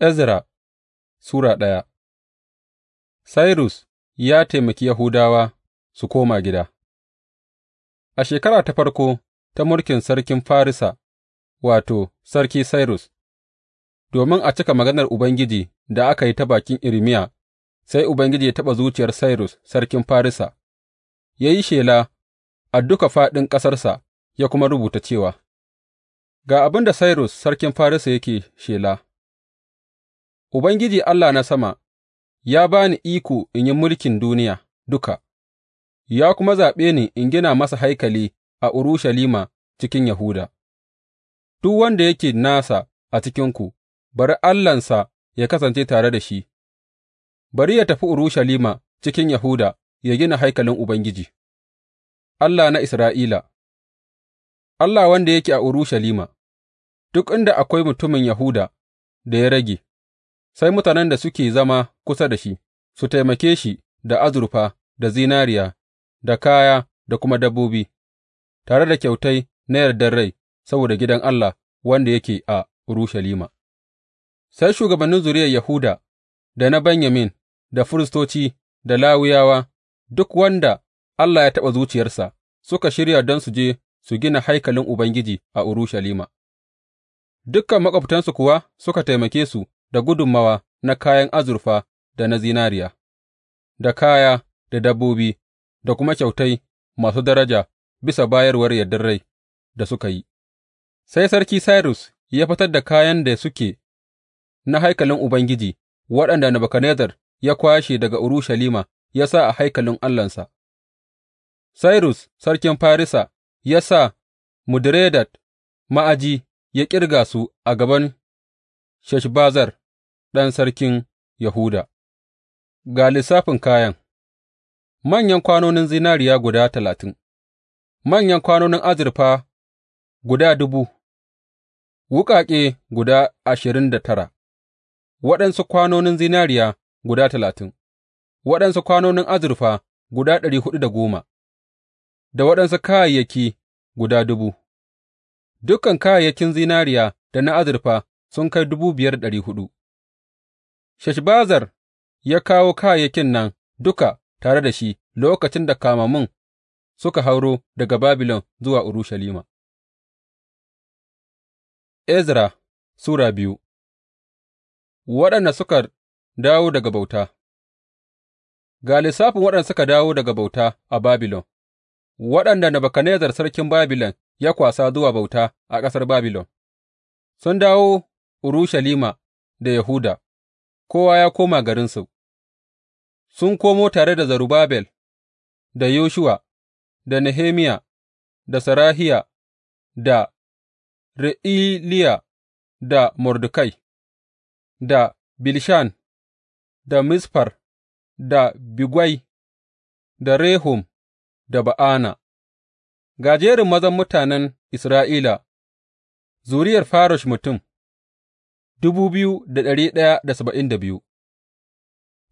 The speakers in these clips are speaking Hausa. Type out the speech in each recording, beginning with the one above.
Ezra Sura ɗaya Cyrus ya taimaki Yahudawa su koma gida A shekara ta farko ta mulkin sarkin Farisa, wato, Sarki Cyrus, domin a cika maganar Ubangiji da aka yi ta bakin Irmiya, sai Ubangiji ya taɓa zuciyar Cyrus sarkin Farisa, ya yi shela a duka faɗin ƙasarsa ya kuma rubuta cewa, Ga abin da Cyrus sarkin Farisa yake shela. Ubangiji Allah na sama ya ba ni iko in yi mulkin duniya duka, ya kuma zaɓe ni in gina masa haikali a Urushalima cikin Yahuda, duk wanda yake nasa a cikinku, bari Allahnsa ya kasance tare da shi, bari ya tafi Urushalima cikin Yahuda ya gina haikalin Ubangiji, Allah na Isra'ila, Allah wanda yake a Urushalima, duk inda akwai mutumin Yahuda da ya rage. Sai mutanen da suke zama kusa da shi su taimake shi da azurfa, da zinariya, da kaya, da kuma dabbobi, tare da kyautai na yardar rai saboda gidan Allah wanda yake a Urushalima. Sai shugabannin zuriyar Yahuda da na Benyamin, da firistoci, da Lawiyawa, duk wanda Allah ya taɓa zuciyarsa, suka shirya don su je su gina haikalin Ubangiji a Urushalima. Dukan maƙwabtansu kuwa suka taimake su da gudummawa na kayan azurfa da na zinariya, da kaya da dabbobi, da kuma kyautai masu daraja bisa bayarwar yardar rai da suka yi. Sai Sarki Sairus ya fitar da kayan da suke na haikalin Ubangiji waɗanda Nebukadnezzar ya kwashe daga Urushalima ya sa a haikalin Allahnsa. Sairus sarkin Farisa ya sa mudredat ma'aji ya ƙirga su a gaban shashbazar. ɗan sarkin Yahuda Ga lissafin kayan, manyan kwanonin zinariya guda talatin, manyan kwanonin azurfa guda dubu, wuƙaƙe guda ashirin da tara, waɗansu kwanonin zinariya guda talatin, waɗansu kwanonin azurfa guda ɗari huɗu da goma, da waɗansu kayayyaki guda dubu, dukan kayayyakin zinariya da na azurfa sun kai dubu biyar da ɗari huɗu. Sheshbazzar ya kawo kayayyakin nan duka tare da shi lokacin da kamammun suka hauro daga Babilon zuwa Urushalima. Ezra Sura biyu Waɗanda suka dawo daga bauta Ga lissafin waɗanda suka dawo daga bauta a Babilon, waɗanda Nebukadnezzar sarkin Babilon ya kwasa zuwa bauta a ƙasar Babilon, sun dawo Urushalima da Yahuda. kowa ya koma garinsu, sun komo tare da Zerubbabel, da Yoshuwa, da Nehemiya, da Sarahiya, da Re'iliya, da Mordekai, da Bilshan, da Misfar, da Bigwai, da Rehum, da Ba'ana. Gajerin mazan mutanen Isra'ila, zuriyar Farosh mutum.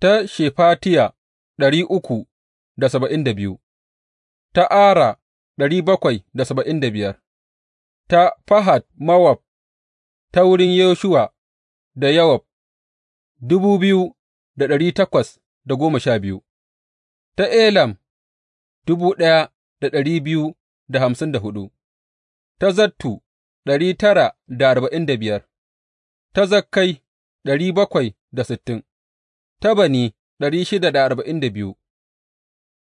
ta Shefatiya ɗari uku da saba'in da biyu, ta Ara ɗari bakwai da saba'in da biyar, ta Fahat mawab ta wurin Yeshuwa da yawab dubu biyu da dari takwas da goma sha biyu, ta Elam, dubu ɗaya da dari biyu da hamsin da hudu, ta Zattu, ɗari tara da arba'in da biyar. ta Zakkai ɗari bakwai da sittin, ta Bani ɗari shida da arba'in da biyu,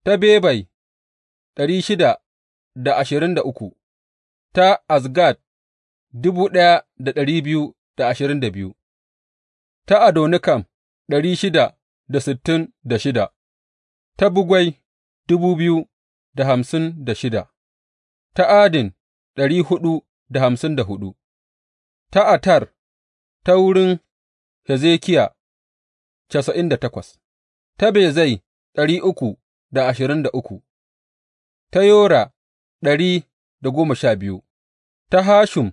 ta Bebai ɗari shida da ashirin da uku, ta Azgad dubu ɗaya da ɗari biyu da ashirin da biyu, ta Adonikam ɗari shida da sittin da shida, ta Bugwai dubu biyu da hamsin da shida, ta Adin ɗari huɗu da hamsin da hudu ta Atar ta wurin Hezekiya casa'in da takwas, ta Bezai ɗari uku da ashirin da uku, ta Yora ɗari da goma sha biyu, ta Hashum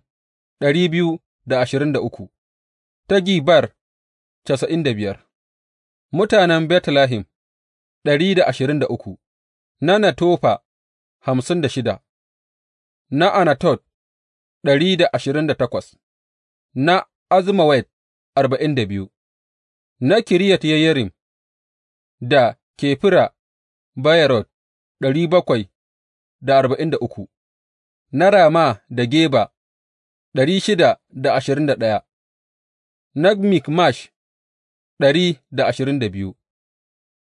ɗari biyu da ashirin da uku, ta Gibar casa'in da biyar, mutanen Betlehem ɗari da ashirin da uku, na Natofa hamsin da shida, na Anatot ɗari da ashirin da takwas, na Azmawet arba'in da biyu, na Kiriyat Yeyarim da Kefira Bayarot ɗari bakwai da arba'in da uku, na Rama da Geba ɗari shida da ashirin da ɗaya, na Mikmash ɗari da ashirin da biyu,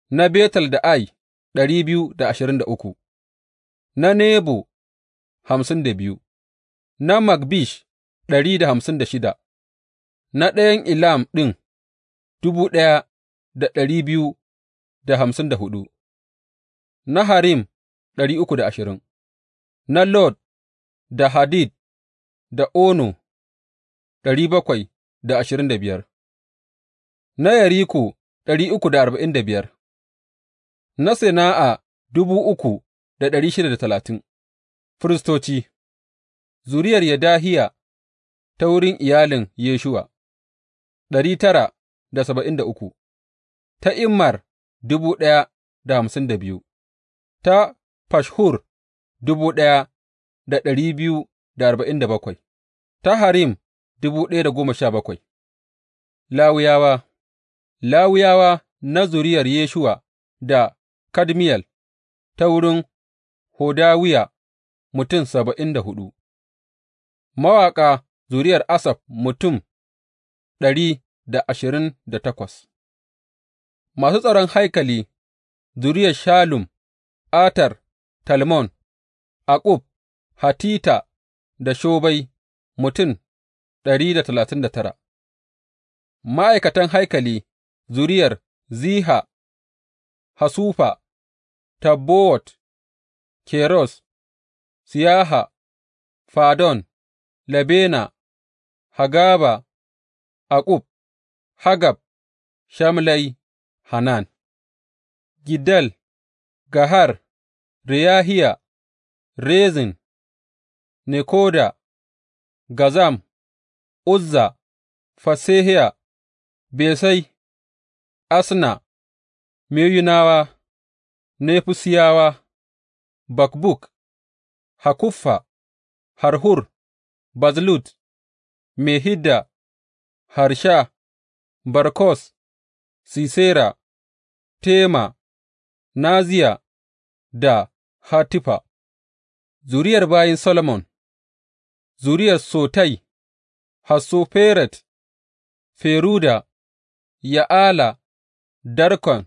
na Betel da Ai ɗari biyu da ashirin da uku, na Nebo hamsin da biyu, na Magbish ɗari da hamsin da shida. na ɗayan Elam ɗin dubu ɗaya da ɗari biyu da hamsin da hudu, na Harim ɗari uku da ashirin, na Lod da Hadid da Ono ɗari bakwai da ashirin da biyar, na Yariko ɗari uku da arba'in da biyar, na Sina'a dubu uku da ɗari shida da talatin, firistoci, zuriyar Yedahiya ta wurin iyalin Yeshuwa. dari tara da saba'in da uku, ta immar dubu ɗaya da hamsin da biyu, ta Fashhur dubu ɗaya da ɗari biyu da arba'in da bakwai, ta Harim dubu ɗaya da goma sha bakwai. Lawiyawa lawuyawa na zuriyar Yeshuwa da Kadmiyel ta wurin Hodawiya mutum saba'in da hudu, mawaƙa zuriyar Asaf mutum ɗari da ashirin da takwas Masu tsaron haikali, zuriyar Shalum, Atar, Talmon, Akub, Hatita da Shobai mutum ɗari da talatin da tara. Ma'aikatan haikali, zuriyar Ziha, Hasufa, Tabbowat, Keros, Siyaha, Fadon, Labena, Hagaba, Akub, hagab Shamlai, Hanan, Gidal, Gahar, Reyahiya, Rezin, Nekoda, Gazam, Uzza, Fasehiya, Besai, Asna, Meyunawa, Nefusiyawa, Bakbuk, Hakuffa, Harhur, Bazlut, Mehida, Harsha, Barkos, Sisera, Tema, Naziya da Hatifa, zuriyar bayin Solomon, zuriyar Sotai, Hassoferet, Feruda, Ya'ala, Darkon,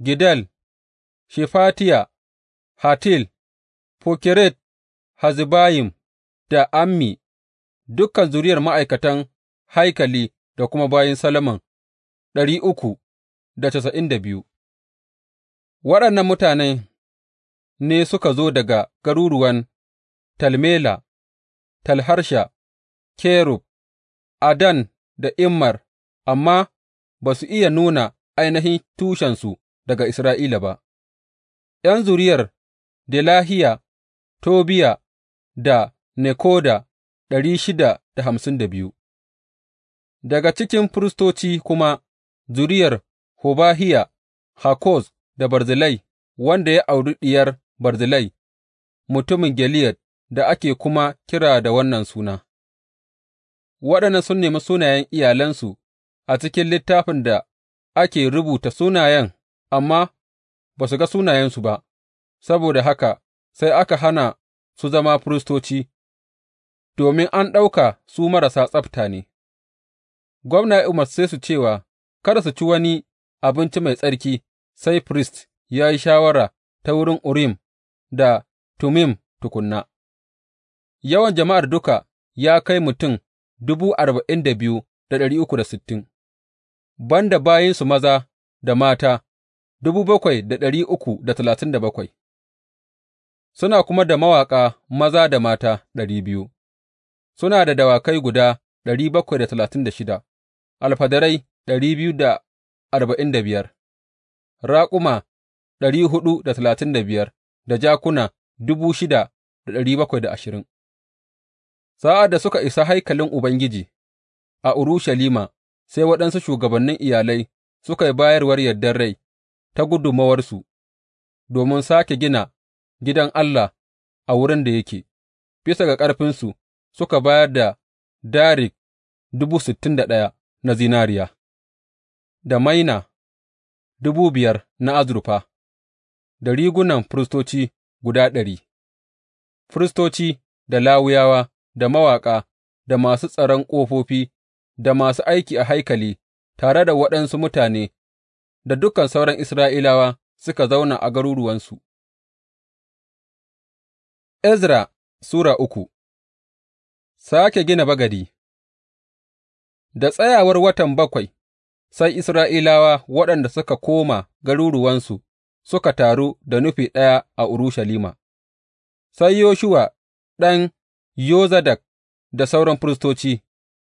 Gidal, Shefatiya, Hatil, Fokeret hazibayim da Ammi, dukan zuriyar ma'aikatan haikali da kuma bayin Solomon ɗari uku da casa'in da biyu. Waɗannan mutane ne suka zo daga garuruwan Talmela, Talharsha, Kerub, Adan da Immar, amma ba su iya nuna ainihin tushensu daga Isra'ila ba, ’yan zuriyar Delahiya, Tobiya da Nekoda ɗari shida da hamsin da biyu. Daga cikin firistoci kuma, zuriyar Hobahiya, Hakoz da Barzilai wanda ya auri diyar Barzilai, mutumin Gileyad da ake kuma kira da wannan suna, waɗannan sun nemi sunayen iyalansu a cikin littafin da ake rubuta sunayen, amma ba su ga sunayensu ba, saboda haka sai aka hana su zama firistoci, domin an ɗauka su marasa tsabta ne. gwamna ya umarce su cewa kada su ci wani abinci mai tsarki sai firist ya yi shawara ta wurin Urim da Tumim tukunna. Yawan jama'ar duka ya kai mutum dubu arba'in da biyu da ɗari uku da sittin, ban da bayinsu maza da mata dubu bakwai da ɗari uku da talatin da bakwai, suna kuma da mawaƙa maza da mata ɗari biyu, suna da dawakai guda alfadarai raƙuma ɗari hudu da talatin da biyar da jakuna dubu shida da ɗari bakwai da ashirin. Sa'ad da suka isa haikalin Ubangiji a Urushalima, sai waɗansu shugabannin iyalai suka yi bayarwar yardar rai ta gudummawarsu domin sake gina gidan Allah a wurin da yake, bisa ga ƙarfinsu suka bayar da darik dubu sittin da ɗaya na zinariya, da maina dubu biyar na azurfa, da rigunan firistoci guda ɗari, firistoci da lawuyawa, da mawaƙa da masu tsaron ƙofofi da masu aiki a haikali, tare da waɗansu mutane da dukan sauran Isra'ilawa suka zauna a garuruwansu. Ezra Sura uku Sake gina bagadi Da tsayawar watan bakwai, sai Isra'ilawa waɗanda suka koma garuruwansu suka taru da nufi ɗaya a Urushalima, sai Yoshuwa ɗan Yozadak da sauran firistoci,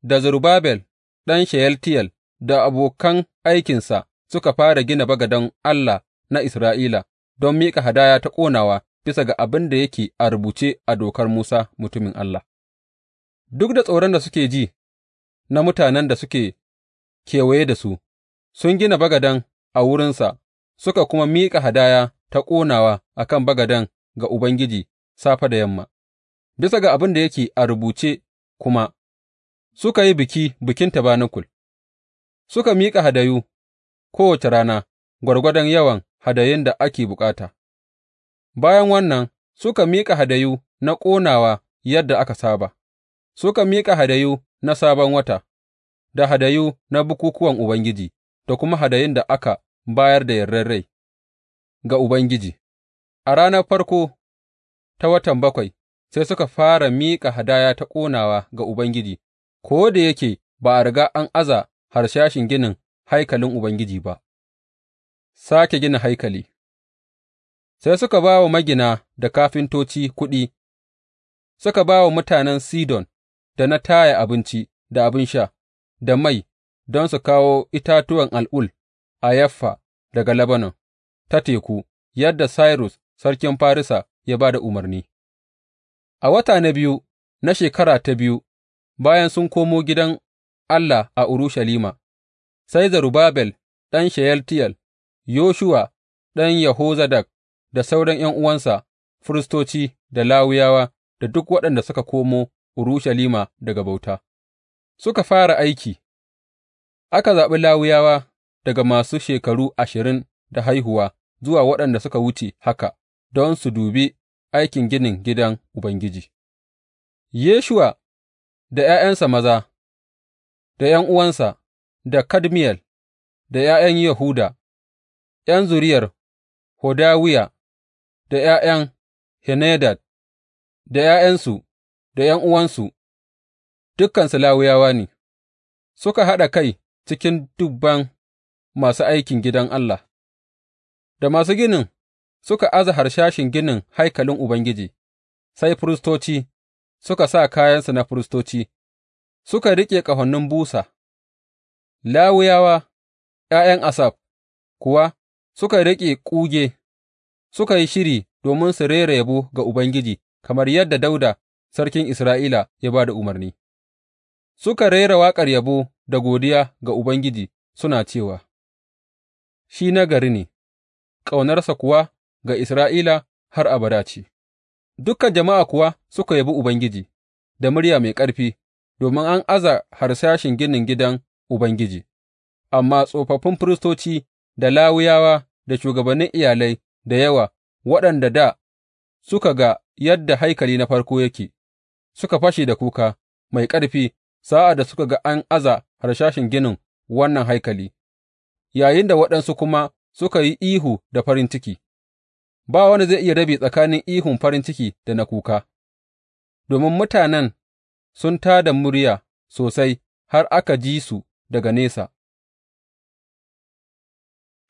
da Zerubabel ɗan Sheyaltiyel da abokan aikinsa suka fara gina bagadan Allah na Isra'ila don miƙa hadaya ta ƙonawa bisa ga abin da yake a rubuce a Dokar Musa mutumin Allah, duk da tsoron da suke ji. na mutanen da suke kewaye da su, sun gina bagaden a wurinsa, suka kuma miƙa hadaya ta ƙonawa a kan bagaden ga Ubangiji safe da yamma, bisa ga abin da yake a rubuce kuma, suka yi biki bikin tabanakul, suka miƙa hadayu kowace rana gwargwadon yawan hadayun da ake bukata. Bayan wannan, suka miƙa hadayu na ƙonawa yadda aka saba. Suka miƙa hadayu na Sabon Wata, da hadayu na bukukkuwan Ubangiji, da kuma hadayun da aka bayar da yardar rai ga Ubangiji, a ranar farko ta watan bakwai sai suka fara miƙa hadaya ta ƙonawa ga Ubangiji, ko da yake ba a riga an aza harsashin ginin haikalin Ubangiji ba. Sake gina haikali Sai suka ba wa magina da kafintoci kuɗi, suka ba wa mutanen Sidon da na taya abinci da abin sha, da mai don su kawo itatuwan al'ul a Yaffa daga Lebanon ta teku, yadda Sairus sarkin Farisa ya ba da umarni. A wata na biyu na shekara ta biyu, bayan sun komo gidan Allah a Urushalima, sai Zerubabel ɗan Sheyaltiyal, Yoshuwa ɗan Yahuzadak da sauran ’yan'uwansa, firistoci da lawuyawa da duk waɗanda suka komo Urushalima daga bauta Suka fara aiki, aka zaɓi Lawiyawa daga masu shekaru ashirin da haihuwa zuwa waɗanda suka wuce haka don su dubi aikin ginin gidan Ubangiji, Yeshuwa da ’ya'yansa maza, da 'yan uwansa da Kadmiyel, da ’ya'yan Yahuda, ’yan zuriyar Hodawiya, da ’ya'yan Henadad, da ’ya'yansu. da ’yan'uwansu, dukansu Lawiyawa ne, suka haɗa kai cikin dubban masu aikin gidan Allah, da masu ginin suka aza sashin ginin haikalin Ubangiji, sai firistoci suka sa kayansu na firistoci, suka riƙe ƙahonin busa, Lawiyawa, ’ya'yan Asaf kuwa suka riƙe ƙuge, suka yi shiri domin su rera yabo ga Ubangiji kamar yadda Dawuda sarkin Isra'ila ya ba da umarni, suka rera waƙar yabo da godiya ga Ubangiji suna cewa, Shi nagari ne, ƙaunarsa kuwa ga Isra'ila har abada ce, dukan jama'a kuwa suka yabi Ubangiji da murya mai ƙarfi, domin an aza harsashin ginin gidan Ubangiji, amma tsofaffin firistoci da lawuyawa da shugabannin iyalai da yawa waɗanda da suka ga yadda haikali na farko yake, suka fashe da kuka mai ƙarfi sa'ad da suka ga an aza harsashin ginin wannan haikali, yayinda waɗansu kuma suka yi ihu da farin ciki, ba wani zai iya rabe tsakanin ihun farin ciki da na kuka, domin mutanen sun tā da murya sosai har aka ji su daga nesa.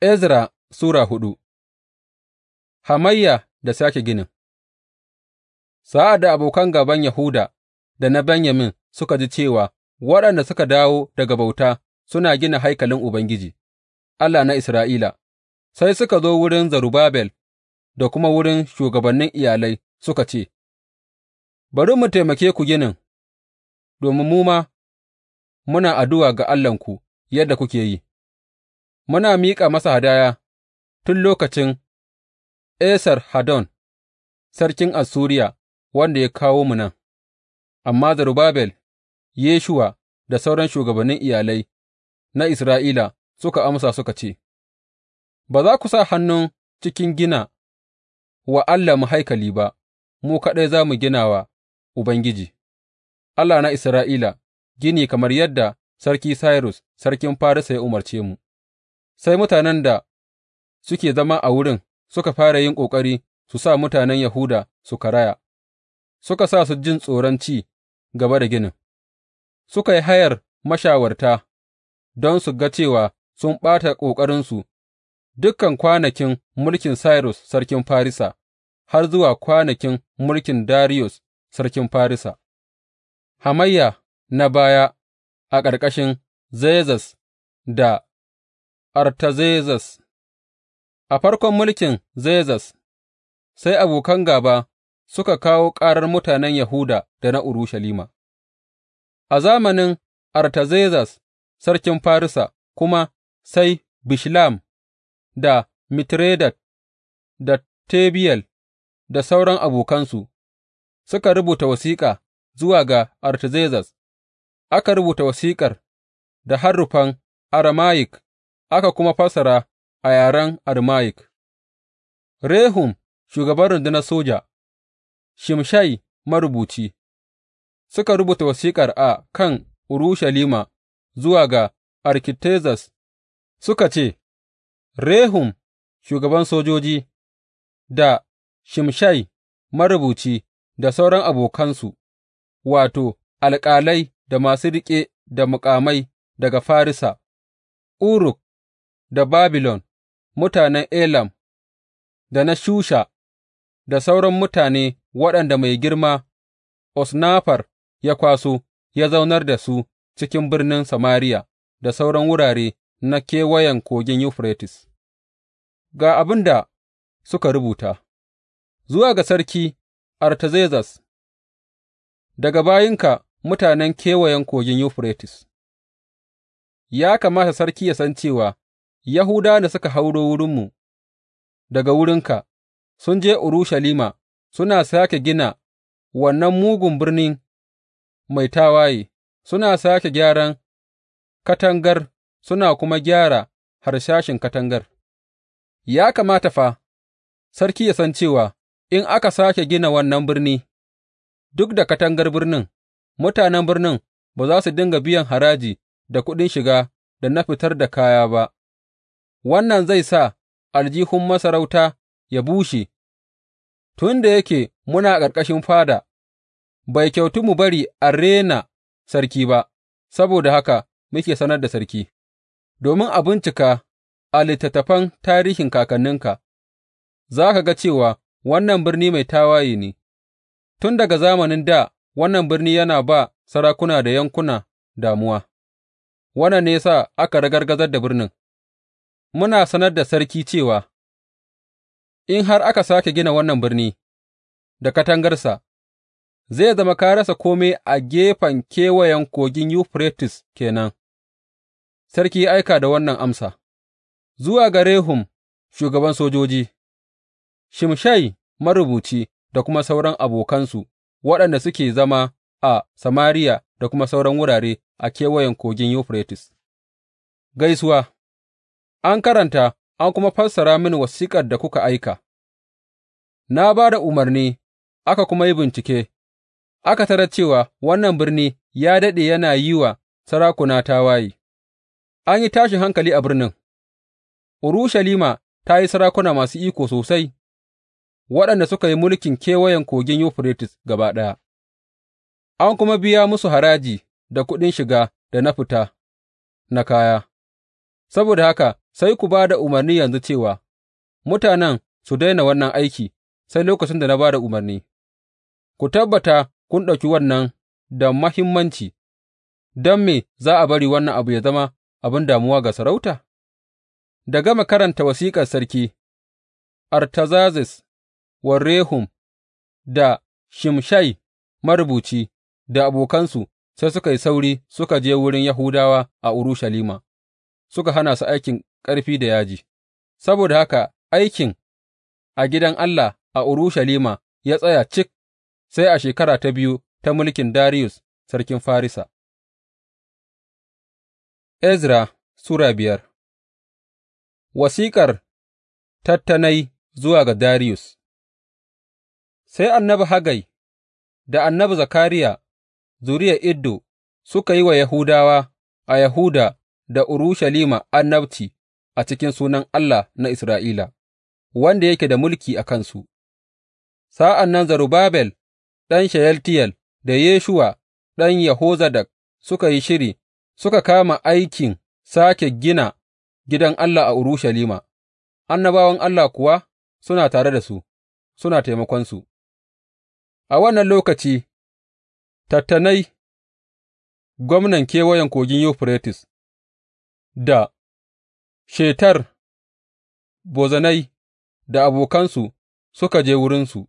Ezra Sura hudu Hamayya da sake ginin Sa'ad da abokan gāban Yahuda da na Benyamin suka ji cewa waɗanda suka dawo daga bauta suna gina haikalin Ubangiji, Allah na Isra'ila, sai suka zo wurin Zerubabel da kuma wurin shugabannin iyalai suka ce, Bari mu taimake ku ginin, domin mu ma muna addu'a ga Allahnku yadda kuke yi, muna miƙa masa hadaya tun lokacin Esar hadon sarkin Assuriya wanda ya kawo mu nan, amma Zerubbabel, Yeshuwa da sauran shugabannin iyalai na Isra'ila suka amsa suka ce, Ba za ku sa hannun cikin gina wa Allah mu haikali ba, mu kaɗai za mu gina wa Ubangiji, Allah na Isra'ila, gini kamar yadda Sarki Cyrus, sarkin Farisa ya umarce mu, sai mutanen da suke zama a wurin suka fara yin ƙoƙari su sa mutanen Yahuda su karaya, suka sa su jin tsoron ci gaba da ginin, suka yi hayar mashawarta don su ga cewa sun ɓata ƙoƙarinsu dukan kwanakin mulkin Cyrus sarkin Farisa har zuwa kwanakin mulkin Darius sarkin Farisa, hamayya na baya a ƙarƙashin Zezas da Artazezas A farkon mulkin Zezas, sai abokan gaba suka kawo ƙarar mutanen Yahuda da na Urushalima A zamanin Artazezas sarkin Farisa kuma sai Bishlam da Mitredat da Tebiyel da sauran abokansu suka rubuta wasiƙa zuwa ga Artazezas, aka rubuta wasiƙar da harufan Aramaik aka kuma fassara a yaren Aramaik. Rehum, shugaban rundunar soja, Shimshai marubuci suka rubuta wasiƙar a kan Urushalima zuwa ga arkitezas suka ce, Rehum shugaban sojoji, da Shimshai marubuci da sauran abokansu, wato, alƙalai da masu riƙe da muƙamai daga Farisa, Uruk da Babilon, mutanen Elam da na Shusha. da sauran mutane waɗanda mai girma Osnafar ya kwaso, ya zaunar da su cikin birnin Samariya da sauran wurare na kewayen Kogin yufretis Ga abin da suka rubuta, Zuwa ga Sarki Artazezas, daga bayinka mutanen kewayen Kogin yufretis ya kamata sarki ya san cewa yahuda da suka hauro wurinmu daga wurinka sun je Urushalima suna sake gina wannan mugun birnin mai tawaye, suna sake gyaran katangar suna kuma gyara harsashin katangar. Ya kamata fa, sarki ya san cewa in aka sake gina wannan birni, duk da katangar birnin, mutanen birnin ba za su dinga biyan haraji da kuɗin shiga da na fitar da kaya ba, wannan zai sa aljihun masarauta ya bushe, tun da yake muna ƙarƙashin fada, bai kyautu mu bari a rena sarki ba, saboda haka muke sanar da sarki, domin a bincika a littattafan tarihin kakanninka, za ka ga cewa wannan birni mai tawaye ne, tun daga zamanin da wannan birni yana ba sarakuna da yankuna damuwa, wannan ne ya sa aka ragargazar da birnin. Muna sanar da sarki cewa. in har aka sāke gina wannan birni da katangarsa, zai zama ka rasa kome a gefen kewayen kogin yufretis ke nan, sarki ya aika da wannan amsa, zuwa ga Rehum shugaban sojoji, Shimshai marubuci da kuma sauran abokansu waɗanda suke zama a Samariya da kuma sauran wurare a kewayen kogin yufretis Gaisuwa An karanta an kuma fassara mini wasiƙar da kuka aika, na ba da umarni aka kuma yi bincike, aka tarar cewa wannan birni ya daɗe yana yi wa sarakuna tawaye, an yi tashin hankali a birnin, Urushalima ta yi sarakuna masu iko sosai, waɗanda suka yi mulkin kewayen kogin Yuferites gaba ɗaya, an kuma biya musu haraji da kuɗin shiga da na fita na kaya, saboda haka sai ku ba da umarni yanzu cewa mutanen su daina wannan aiki sai lokacin da na ba da umarni, ku tabbata kun ɗauki wannan da mahimmanci, don me za a bari wannan abu ya zama abin damuwa ga sarauta? Da gama karanta wasiƙar sarki, Artazazes warrehum da Shimshai marubuci da abokansu sai suka yi sauri suka je wurin Yahudawa a Urushalima, suka hana su aikin ƙarfi da yaji, saboda haka aikin a gidan Allah a Urushalima ya tsaya cik sai a shekara ta biyu ta mulkin Dariyus sarkin Farisa. Ezra Sura biyar Wasiƙar tattanai zuwa ga Dariyus Sai annabi Hagai da annabi Zakariya, zuriyar Iddo, suka yi wa Yahudawa a Yahuda da Urushalima annabci a cikin sunan Allah na Isra'ila, wanda yake da mulki a kansu. Sa'an nan Zerubbabel ɗan Sheyaltiyel da Yeshuwa ɗan Yahozadak suka yi shiri suka kama aikin sake gina gidan Allah a Urushalima, annabawan Allah kuwa suna tare da su, suna taimakonsu. A wannan lokaci, tattanai gwamnan kewayen kogin Yuferites, da Shetar, Bozanai da abokansu suka je wurinsu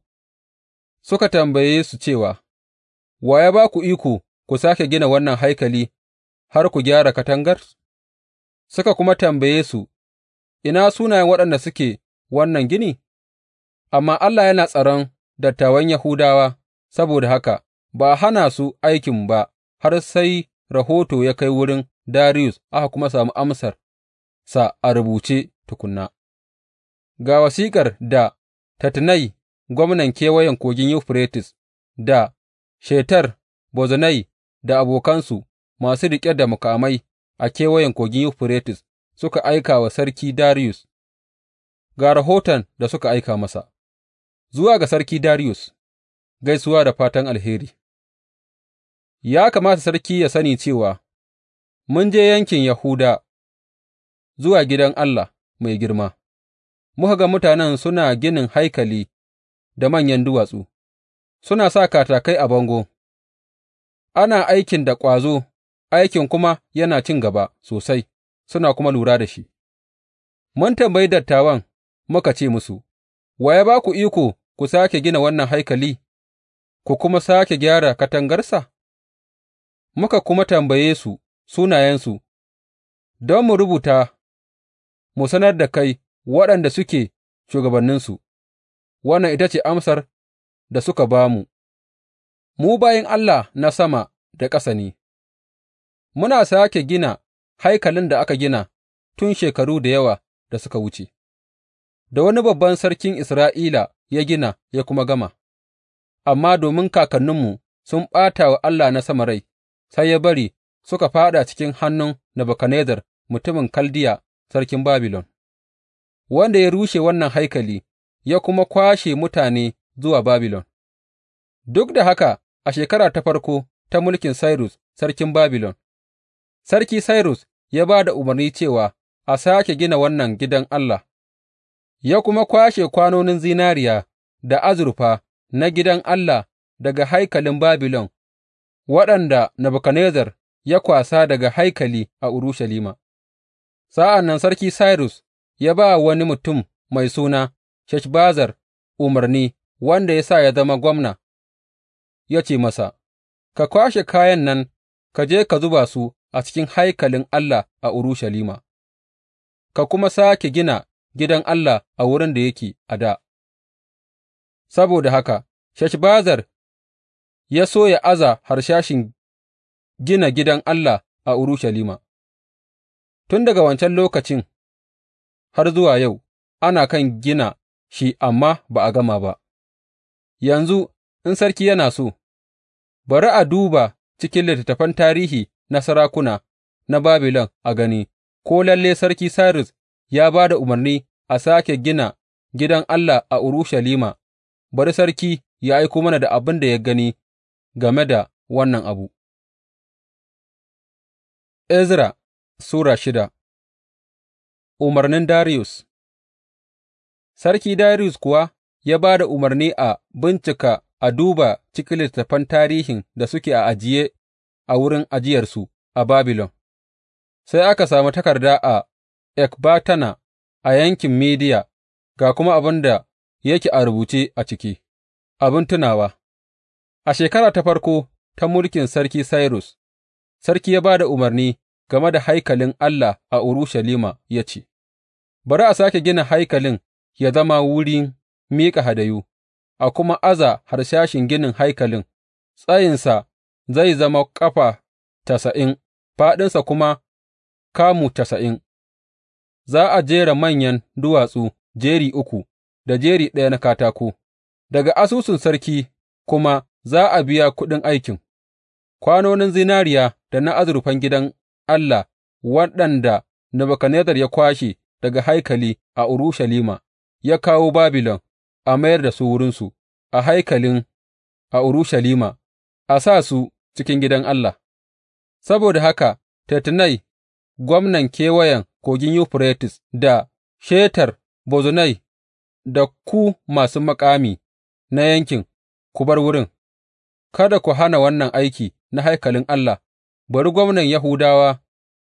suka tambaye su cewa, Wa ya ba ku iko ku sāke gina wannan haikali har ku gyara katangar, suka kuma tambaye su, Ina sunayen waɗanda suke wannan gini? Amma Allah yana tsaron dattawan Yahudawa, saboda haka ba a hana su aikin ba har sai rahoto ya kai wurin Darius aka kuma sami amsar. sa a rubuce tukuna, ga wasiƙar da tatinai gwamnan Kewayen Kogin Yuferites da Shetar Bozenai da abokansu masu riƙe da mukamai a Kewayen Kogin Yuferites suka aika wa Sarki Darius ga rahoton da suka aika masa, zuwa ga Sarki Darius, gaisuwa da fatan alheri. Ya kamata sarki ya sani cewa mun je yankin Yahuda zuwa gidan Allah mai girma, muka ga mutanen suna ginin haikali da manyan duwatsu, suna sa katakai a bango, ana aikin da ƙwazo, aikin kuma yana cin gaba sosai, suna kuma lura da shi. Mun tambayi dattawan muka ce musu, Wa ya ba ku iko ku sake gina wannan haikali, ku kuma sake gyara katangarsa? Muka kuma tambaye su sunayensu don mu rubuta mu sanar da kai waɗanda suke shugabanninsu, wannan ita ce amsar da suka ba mu, mu bayin Allah na sama da ƙasa ne, muna sake gina haikalin da aka gina tun shekaru da yawa da suka wuce, da wani babban sarkin Isra'ila ya gina ya kuma gama, amma domin kakanninmu sun ɓata wa Allah na sama rai, sai ya bari suka fāɗa cikin hannun Nebukadnezzar mutumin Kaldiya sarkin Babilon, wanda ya rushe wannan haikali ya kuma kwashe mutane zuwa Babilon. Duk da haka, a shekara ta farko ta mulkin Sairus sarkin Babilon, Sarki Sairus ya ba da umarni cewa a sake gina wannan gidan Allah, ya kuma kwashe kwanonin zinariya da azurfa na gidan Allah daga haikalin Babilon, waɗanda Nebuchadnezzar ya kwasa daga haikali a Urushalima. Sa'an nan Sarki Sairus ya ba wani mutum mai suna Sheshbazzar umarni, wanda ya sa ya zama gwamna, ya ce masa, Ka kwashe kayan nan ka je ka zuba su a cikin haikalin Allah a Urushalima, ka kuma sake gina gidan Allah a wurin da yake a da. Saboda haka, Sheshbazzar ya so ya aza harsashin gina gidan Allah a Urushalima. Tun daga wancan lokacin har zuwa yau ana kan gina shi amma ba a gama ba, yanzu in sarki yana so, bari a duba cikin littattafan tarihi na sarakuna na Babilon a gani ko lalle Sarki Sairus ya ba da umarni a sake gina gidan Allah a Urushalima, bari sarki ya aiko mana da abin da ya gani game da wannan abu. Ezra Sura shida Umarnin Darius. Sarki Darius kuwa ya ba da umarni a bincika a duba cikin littattafan tarihin da suke a ajiye a wurin ajiyarsu a Babilon, sai aka sami takarda a Ekbatana a yankin Mediya, ga kuma abin da yake a rubuce a ciki, abin tunawa. A shekara ta farko ta mulkin Sarki Sairus, sarki ya ba da umarni. game da haikalin Allah a Urushalima ya ce, Bari a sake gina haikalin ya zama wurin miƙa hadayu, a kuma aza harsashin ginin haikalin, tsayinsa zai zama ƙafa tasa'in, faɗinsa kuma kamu tasa'in, za a jera manyan duwatsu jeri uku da jeri ɗaya na katako, daga asusun sarki kuma za a biya kuɗin aikin, kwanonin zinariya da na azurfan gidan Allah waɗanda Nebukadnezzar ya kwashe daga haikali a Urushalima ya kawo Babilon a mayar da su wurinsu a haikalin a Urushalima, a sa su cikin gidan Allah. Saboda haka Tattenai, gwamnan kewayen Kogin Yuferites da Shetar Bozunai da ku masu makami na yankin, ku bar wurin, kada ku hana wannan aiki na haikalin Allah Bari gwamnan Yahudawa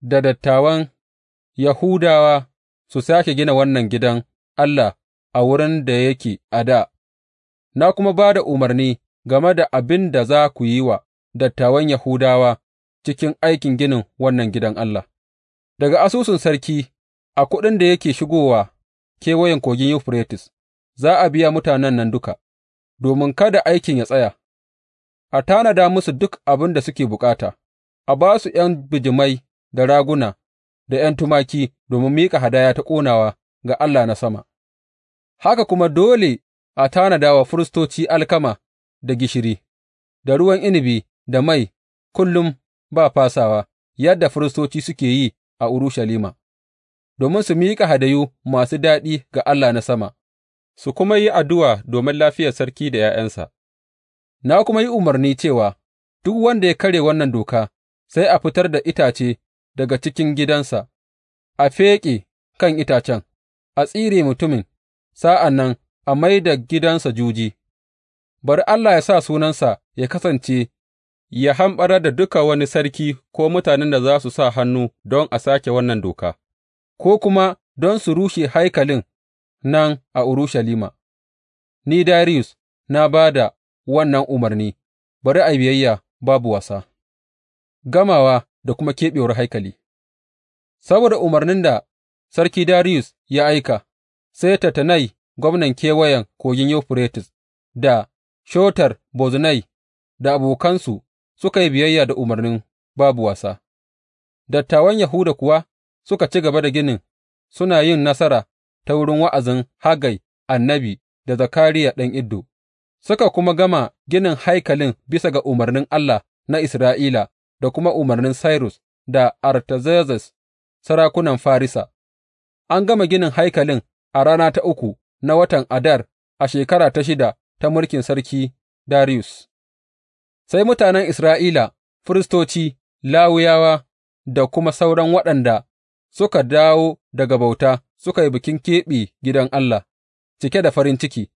da dattawan Yahudawa su sāke gina wannan gidan Allah a wurin da yake a dā, na kuma ba da umarni game da abin da za ku yi wa dattawan Yahudawa cikin aikin ginin wannan gidan Allah, daga asusun sarki a kuɗin da yake shigowa kewayen Kogin Yuferites, za a biya mutanen nan duka, domin kada aikin ya tsaya, a tanada musu duk abin da suke bukata. a ba su ’yan bijimai da raguna da ’yan tumaki domin miƙa hadaya ta ƙonawa ga Allah na sama, haka kuma dole a tanada wa firistoci alkama da gishiri, da ruwan inibi da mai kullum ba fasawa, yadda firistoci suke yi a Urushalima, domin su miƙa hadayu masu daɗi ga Allah na sama, su kuma yi addu'a domin lafiyar sarki da ’ya'yansa. Na kuma yi umarni cewa duk wanda ya karya wannan doka sai a fitar da itace daga cikin gidansa, a feƙe kan itacen, a tsire mutumin, sa'an nan a mai da gidansa juji, bari Allah ya sa sunansa ya kasance ya hamɓara da duka wani sarki ko mutanen da za su sa hannu don a sake wannan doka, ko kuma don su rushe haikalin nan a Urushalima. Ni Darius na ba da wannan umarni, bari a biyayya babu wasa. gamawa da kuma keɓewar haikali Saboda umarnin da Sarki Darius ya aika, sai Tattenai gwamnan Kewayen Kogin Yuferites da Shotar Bozenai da abokansu suka yi biyayya da umarnin babu wasa, dattawan Yahuda kuwa suka ci gaba da ginin suna yin nasara ta wurin wa'azin Hagai annabi da Zakariya ɗan Iddo, suka kuma gama ginin haikalin bisa ga umarnin Allah na Isra'ila da kuma umarnin Sairus da Artazerzes sarakunan Farisa, an gama ginin haikalin a rana ta uku na watan Adar a shekara ta shida ta mulkin Sarki Darius. Sai mutanen Isra'ila, firistoci, Lawiyawa da kuma sauran waɗanda suka dawo daga bauta suka yi bikin keɓe gidan Allah, cike da farin ciki,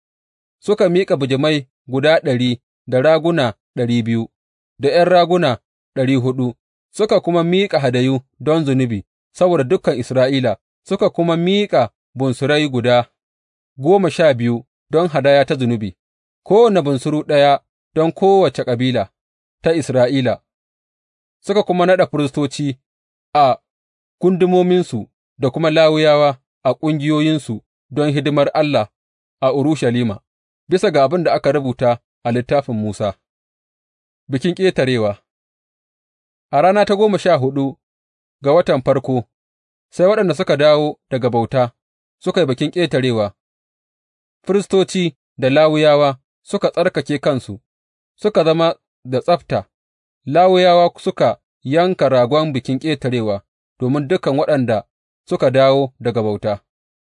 suka miƙa bijimai guda ɗari da raguna ɗari biyu, da ’yan raguna ɗari huɗu, suka kuma miƙa hadayu don zunubi saboda dukan Isra'ila, suka kuma miƙa bunsurai guda goma sha biyu don hadaya ta zunubi, kowane bunsuru ɗaya don kowace ƙabila ta Isra'ila, suka kuma naɗa firistoci a gundumominsu da kuma lawuyawa a ƙungiyoyinsu don hidimar Allah a Urushalima, bisa ga abin da aka rubuta a littafin Musa. Bikin Ƙetarewa. A rana ta goma sha huɗu ga watan farko, sai waɗanda suka dawo daga bauta suka yi Bikin Ƙetarewa, firistoci da lawuyawa suka tsarkake kansu, suka zama da tsabta, Lawuyawa suka yanka ragon Bikin Ƙetarewa domin dukan waɗanda suka dawo daga bauta,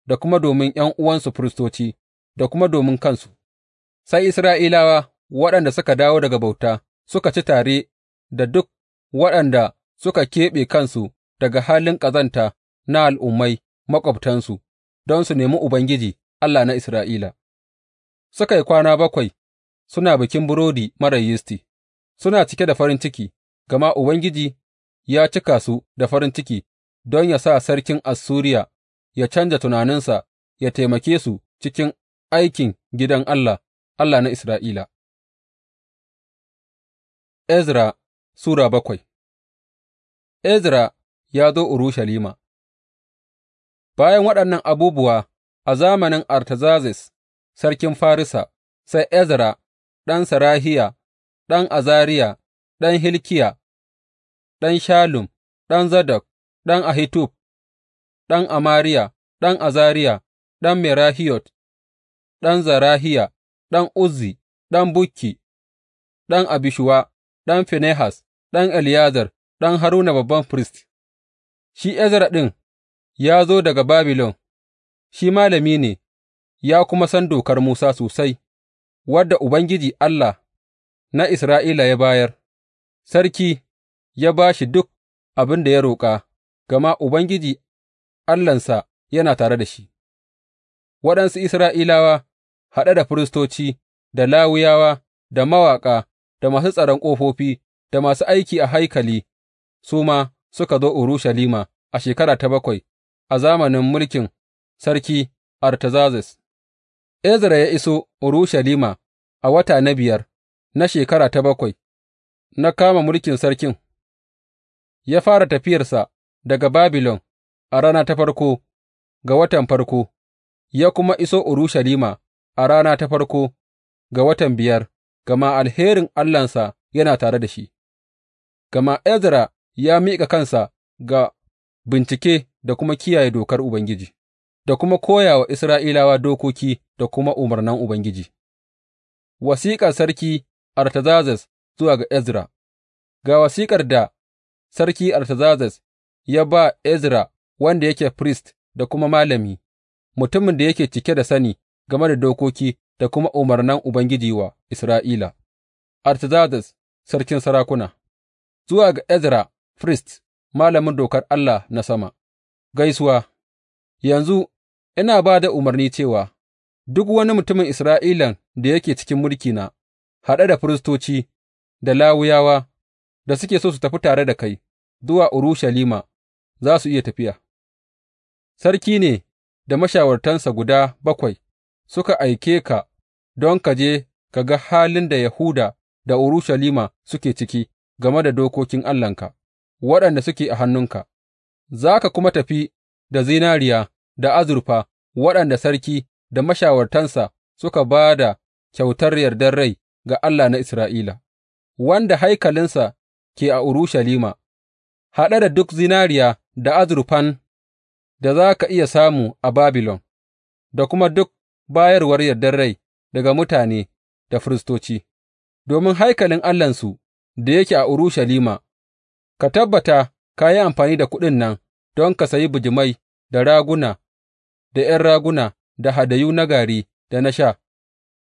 da kuma domin uwansu firistoci, da kuma domin kansu, sai Isra'ilawa waɗanda suka dawo daga bauta suka ci tare da duk waɗanda suka keɓe kansu daga halin ƙazanta na al'ummai maƙwabtansu don su nemi Ubangiji, Allah na Isra'ila, suka yi kwana bakwai suna bikin burodi marar yisti, suna cike da farin ciki, gama Ubangiji ya cika su da farin ciki don ya sa sarkin Assuriya ya canja tunaninsa ya taimake su cikin aikin gidan Allah, Allah na Isra'ila. Ezra Sura bakwai Ezra ya zo Urushalima Bayan waɗannan abubuwa a zamanin Artazerxes sarkin Farisa, sai Ezra ɗan Sarahiya, ɗan Azariya, ɗan Hilkiya, ɗan shalum ɗan Zadok, ɗan Ahitub, ɗan Amariya, ɗan Azariya, ɗan Merahiyot, ɗan Zarahiya, ɗan Uzzi, ɗan Bukki, ɗan Abishuwa, ɗan Finehas. ɗan Eleyazar, ɗan Haruna babban firist, shi Ezra ɗin ya zo daga Babilon, shi malami ne, ya kuma san dokar Musa sosai, wadda Ubangiji Allah na Isra'ila ya bayar, sarki ya ba shi duk abin da ya roƙa, gama Ubangiji Allahnsa yana tare da shi. Waɗansu Isra'ilawa, haɗe da firistoci, da lawuyawa da mawaƙa, da masu tsaron ƙofofi, da masu aiki a haikali su ma suka zo Urushalima a shekara ta bakwai a zamanin mulkin sarki Artazazes. Ezra ya iso Urushalima a wata na biyar na shekara ta bakwai na kama mulkin sarkin, ya fara tafiyarsa daga Babilon a rana ta farko ga watan farko, ya kuma iso Urushalima a rana ta farko ga watan biyar, gama alherin Allahnsa yana tare da shi. gama Ezra ya miƙa kansa ga bincike da kuma kiyaye dokar Ubangiji, da kuma koya wa Isra'ilawa dokoki da kuma umarnan Ubangiji. Wasiƙar Sarki Artazazes zuwa ga Ezra Ga wasiƙar da Sarki Artazazes ya ba Ezra wanda yake firist da kuma malami, mutumin da yake cike da sani game da dokoki da kuma umarnan Ubangiji wa Isra'ila, Artazazes sarkin sarakuna. Zuwa ga Ezra firist, malamin dokar Allah na sama, gaisuwa, yanzu ina ba da umarni cewa duk wani mutumin Isra'ilan da yake cikin mulkina, haɗe da firistoci da lawuyawa da suke so su tafi tare da kai zuwa Urushalima za su iya tafiya. Sarki ne da mashawartansa guda bakwai suka aike ka don ka je ka ga halin da Yahuda da Urushalima suke ciki game da dokokin Allahnka, waɗanda suke a hannunka, za ka kuma tafi da zinariya da azurfa waɗanda sarki da mashawartansa suka ba da kyautar yardar rai ga Allah na Isra'ila, wanda haikalinsa ke a Urushalima, haɗe da duk zinariya da azurfan da za ka iya samu a Babilon, da kuma duk bayarwar yardar rai daga mutane da firistoci, domin haikalin Allahnsu da yake a Urushalima, ka tabbata ka yi amfani da kuɗin nan don ka sayi bijimai da raguna, da ’yan raguna, da hadayu na gari da na sha,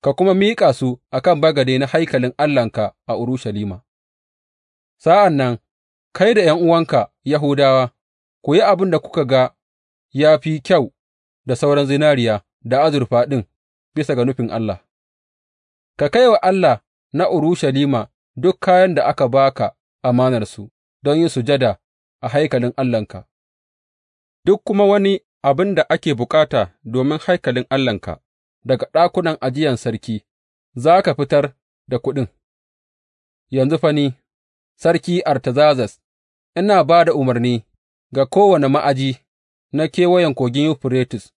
ka kuma miƙa su a kan bagade na haikalin Allahnka a Urushalima. Sa'an nan, kai da ’yan'uwanka Yahudawa, ku yi abin da kuka ga ya fi kyau da sauran zinariya da azurfa ɗin bisa ga nufin Allah, ka kai wa Allah na Urushalima duk kayan da aka ba ka amanarsu don yin sujada a haikalin Allahnka, duk kuma wani abin da ake bukata domin haikalin Allahnka daga ɗakunan ajiyan sarki, za ka fitar da kuɗin. Yanzu Fani, Sarki Artazazas, ina ba da umarni ga kowane ma'aji na kewayen kogin Yuferites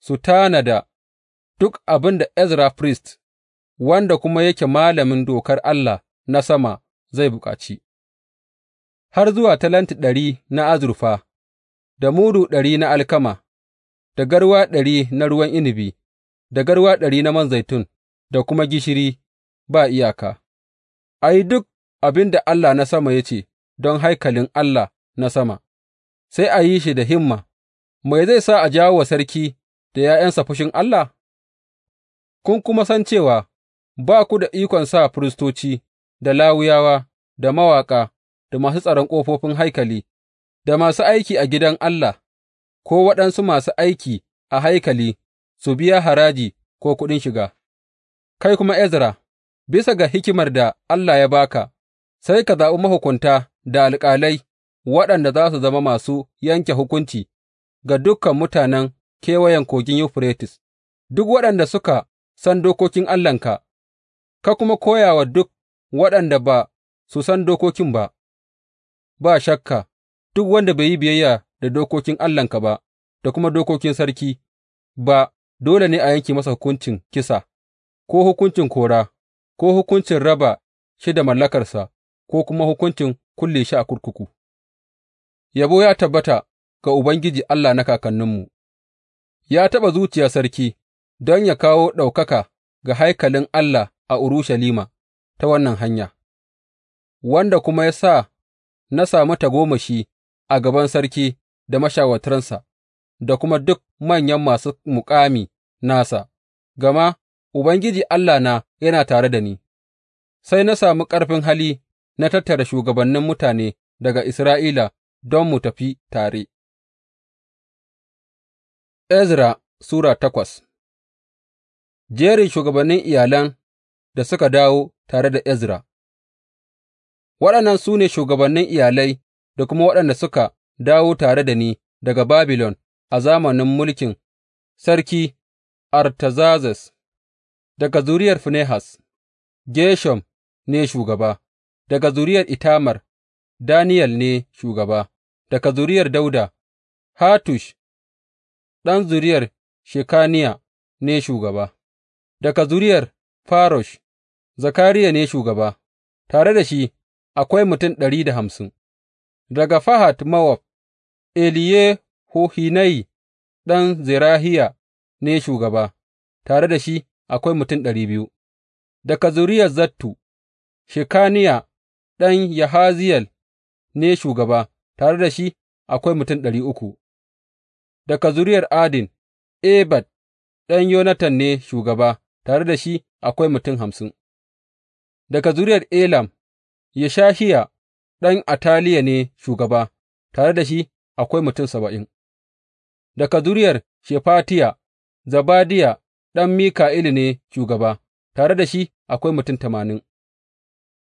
su tanada duk abin da Ezra firist, wanda kuma yake malamin dokar Allah na sama zai bukaci, har zuwa talenti ɗari na azurfa, da mudu ɗari na alkama, da garwa ɗari na ruwan inibi da garwa ɗari na man zaitun, da kuma gishiri ba iyaka, a yi duk abin da Allah na sama ya ce don haikalin Allah na sama, sai a yi shi da himma, mai zai sa a jawo wa sarki da ’ya'yansa fushin Allah? Kun kuma san cewa ba ku da ikon sa firistoci da Lawiyawa, da mawaƙa, da masu tsaron ƙofofin haikali, da masu aiki a gidan Allah, ko waɗansu masu aiki a haikali su biya haraji ko kuɗin shiga, kai kuma Ezra, bisa ga hikimar da Allah ya baka, sai ka zaɓi mahukunta da alƙalai waɗanda za su zama masu yanke hukunci ga dukan mutanen kewayen kogin Yuferites, duk waɗanda suka san dokokin Allahnka, ka kuma koya wa duk waɗanda ba su san dokokin ba, ba shakka, duk wanda bai yi biyayya da dokokin Allahnka ba da kuma dokokin sarki ba, dole ne a yanke masa hukuncin kisa, ko hukuncin kora, ko hukuncin raba shi da mallakarsa, ko kuma hukuncin kulle shi a kurkuku. Yabo ya tabbata ga Ubangiji Allah na kakanninmu, ya taɓa zuciya sarki don ya kawo ɗaukaka ga haikalin Allah a Urushalima. ta wannan hanya, wanda kuma ya sa na sami tagomashi a gaban sarki da mashawartansa da kuma duk manyan masu muƙami nasa, gama Ubangiji Allahna yana tare da ni, sai na sami ƙarfin hali na tattara shugabannin mutane daga Isra'ila don mu tafi tare. Ezra Sura takwas Jerin shugabannin iyalan da suka dawo tare da Ezra. Waɗannan su ne shugabannin iyalai da kuma waɗanda suka dawo tare da ni daga Babilon a zamanin mulkin Sarki Artazazes, daga zuriyar Finehas, Geshom ne shugaba, daga zuriyar Itamar, Daniel ne shugaba, daga zuriyar Dauda, Hatush, ɗan zuriyar Shekaniya ne shugaba, daga zuriyar Farosh, Zakariya ne shugaba, tare da shi akwai mutum ɗari da hamsin, daga Fahat Mowab, eliyehohinai ɗan Zerahiya ne shugaba, tare da shi akwai mutum ɗari biyu, daga zuriyar Zattu, Shekaniya ɗan Yahaziyel ne shugaba, tare da shi akwai mutum ɗari uku, daga zuriyar Adin, Ebed ɗan Yonatan ne shugaba, tare da shi akwai mutum hamsin. Daga zuriyar Elam, Yeshahiya ɗan Ataliya ne shugaba, tare da shi akwai mutum saba'in Daga zuriyar Shefatiya, Zebadiya ɗan Mika’ilu ne shugaba, tare da shi akwai mutum tamanin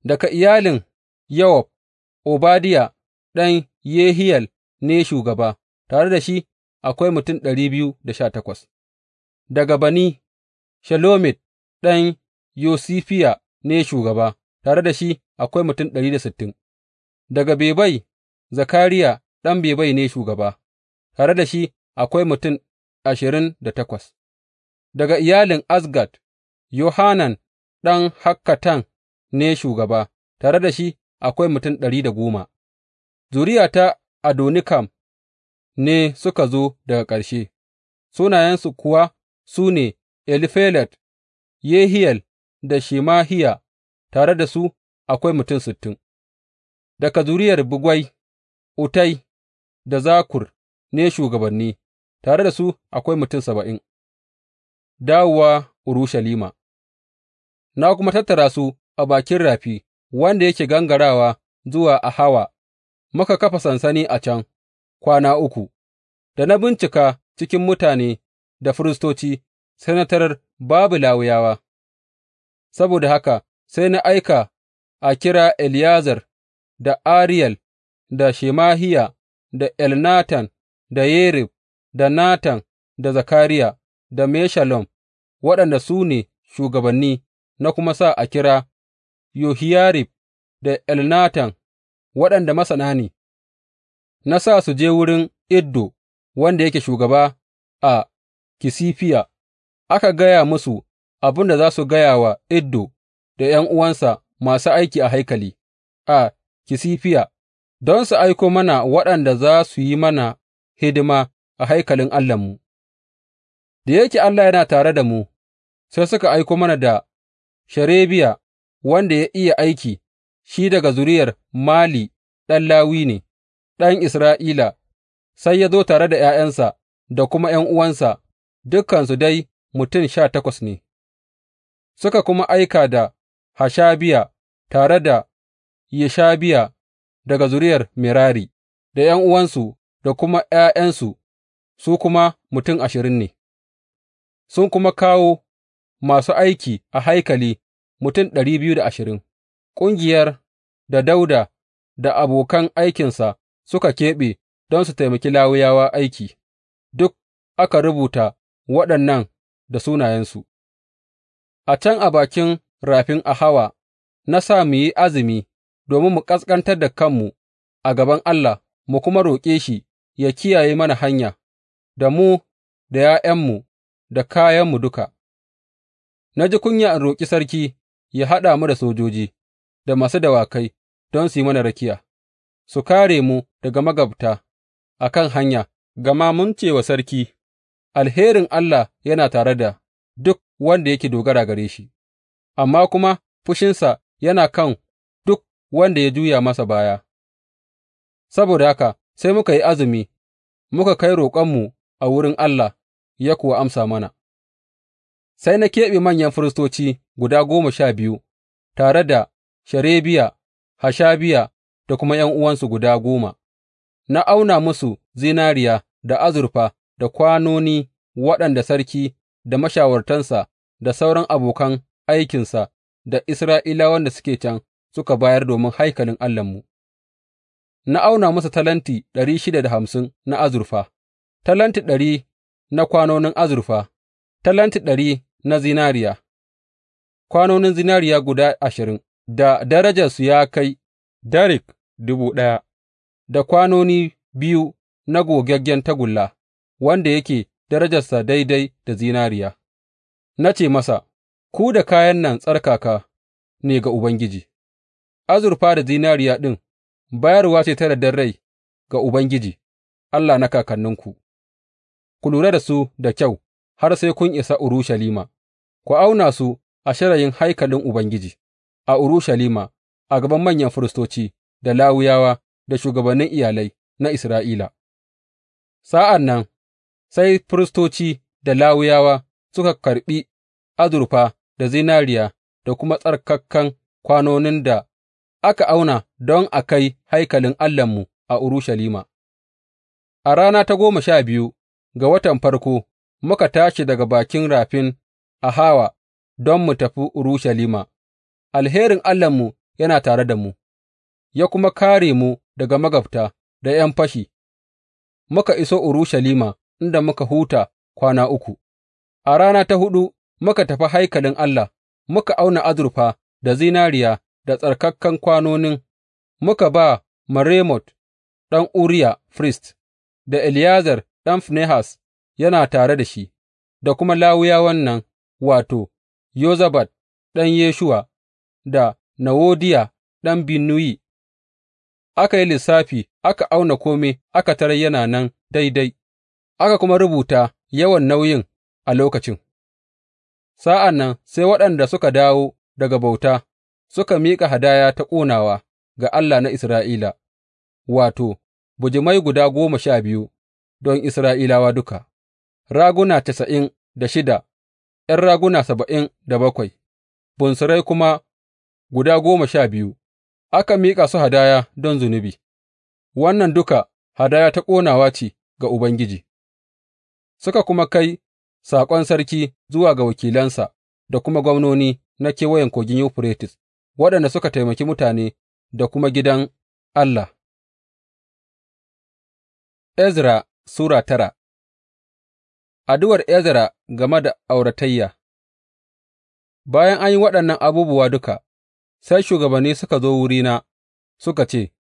Daga iyalin Yowab, Obadiya ɗan Yehiyel ne shugaba, tare da shi akwai mutum ɗari biyu da sha takwas Daga Bani, Shelomit ɗan Yosifiya. ne shugaba, tare da shi akwai mutum ɗari da sittin, daga Bebai, Zakariya ɗan Bebai ne shugaba, tare da shi akwai mutum ashirin da takwas, daga iyalin Asgad, Yohanan ɗan Hakkatan ne shugaba, tare da shi akwai mutum ɗari da goma, zuriya ta Adonikam ne suka zo daga ƙarshe, sunayensu kuwa su ne Elifelet, Yehiyel da Shemahiya, tare da su akwai mutum sittin, daga zuriyar bugwai, utai, da zakur ne shugabanni, tare da su akwai mutum saba'in, dawowa Urushalima, na kuma tattara su a bakin rafi wanda yake gangarawa zuwa a hawa, muka kafa sansani a can kwana uku, da na bincika cikin mutane da firistoci, sai babu lawuyawa. saboda haka sai na aika a kira Eliyazar, da Ariyel, da Shemahiya, da Elnatan, da Yerib, da Natan, da Zakariya, da Meshalom, waɗanda su ne shugabanni, na kuma sa a kira Yohiyarib da Elnatan, waɗanda masana ne, na sa su je wurin Iddo, wanda yake shugaba a Kisifiya, aka gaya musu abin da za su gaya wa Iddo da ’yan'uwansa masu aiki a haikali a Kisifiya, don su aiko mana waɗanda za su yi mana hidima a haikalin Allahnmu. Da yake Allah yana tare da mu, sai suka aiko mana da Sherebiya, wanda ya iya aiki, shi daga zuriyar Mali ɗan Lawi ne, ɗan Isra'ila, sai ya zo tare da ’ya'yansa da kuma ’yan'uwansa, dukansu dai mutum sha takwas ne. suka kuma aika da Hashabiya tare da Yeshabiya daga zuriyar Merari, da ’yan'uwansu da kuma ’ya'yansu, su kuma mutum ashirin ne, sun kuma kawo masu aiki a haikali mutum ɗari biyu da ashirin, ƙungiyar da Dauda da abokan aikinsa suka keɓe don su taimaki Lawiyawa aiki, duk aka rubuta waɗannan da sunayensu. A can a bakin rafin Ahawa na sa mu yi azumi domin mu ƙasƙantar da kanmu a gaban Allah mu kuma roƙe shi ya kiyaye mana hanya, da mu, da ’ya'yanmu, da kayanmu duka. Na ji kunya in roƙi sarki ya haɗa mu da sojoji, da masu dawakai don su yi mana rakiya, su kare mu daga magabta a kan hanya, gama mun ce wa sarki, Alherin Allah yana tare da duk wanda yake dogara gare shi, amma kuma fushinsa yana kan duk wanda ya juya masa baya, saboda haka sai muka yi azumi, muka kai roƙonmu a wurin Allah, ya kuwa amsa mana. Sai na keɓe manyan firistoci guda goma sha biyu, tare da Sharebiya, Hashabiya da kuma ’yan'uwansu guda goma, na auna musu zinariya da azurfa da kwanoni waɗanda sarki da mashawartansa da sauran abokan aikinsa da Isra'ilawan da suke can suka bayar domin haikalin Allahnmu, na auna masa talenti ɗari shida da hamsin na azurfa, talenti ɗari na kwanonin azurfa, talenti ɗari na zinariya, kwanonin zinariya guda ashirin da darajarsu ya kai darik dubu ɗaya, da kwanoni biyu na gogaggen tagulla wanda yake darajarsa daidai da zinariya, na ce masa, Ku da kayan nan tsarkaka ne ga Ubangiji, azurfa da zinariya ɗin bayarwa ce ta yardar rai ga Ubangiji, Allah na kakanninku, ku lura da su da kyau har sai kun isa Urushalima, ku auna su a shirayin haikalin Ubangiji a Urushalima a gaban manyan firistoci da lawuyawa da shugabannin iyalai na Isra'ila. Sa'an nan sai firistoci da Lawiyawa suka karɓi azurfa da zinariya da kuma tsarkakan kwanonin da aka auna don a kai haikalin Allahnmu a Urushalima. A rana ta goma sha biyu ga watan farko muka tashi daga bakin rafin a Hawa don mu tafi Urushalima, alherin Allahnmu yana tare da mu, ya kuma kare mu daga magabta da ’yan fashi, muka iso Urushalima inda muka huta kwana uku, a rana ta huɗu muka tafi haikalin Allah, muka auna azurfa da zinariya da tsarkakan kwanonin, muka ba maremot ɗan Uriya firist, da Eliyazar ɗan Finehas yana tare da shi, da kuma lawuya wannan wato, Yozabad ɗan Yeshuwa da Nawodiya ɗan Binnuyi. Aka yi lissafi, aka auna kome, aka tarar yana nan daidai. aka kuma rubuta yawan nauyin a lokacin. Sa'an nan sai waɗanda suka dawo daga bauta suka miƙa hadaya ta ƙonawa ga Allah na Isra'ila, wato, bijimai guda goma sha biyu don Isra'ilawa duka, raguna casa'in da shida, ’yan raguna saba'in da bakwai, bunsurai kuma guda goma sha biyu, aka miƙa su hadaya don zunubi, wannan duka hadaya ta ƙonawa ce ga Ubangiji. suka kuma kai saƙon sarki zuwa ga wakilansa da kuma gwamnoni na Kewayen Kogin Yuferites, waɗanda suka taimaki mutane da kuma gidan Allah. Ezra Sura tara Addu'ar Ezra game da auratayya Bayan an yi waɗannan abubuwa duka, sai shugabanni suka zo wurina suka ce,